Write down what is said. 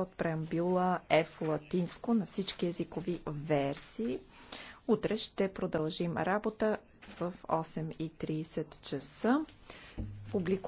от преамбюла в латинско на всички езикови версии. Утре ще продължим работа в 8.30 часа. Публикуваме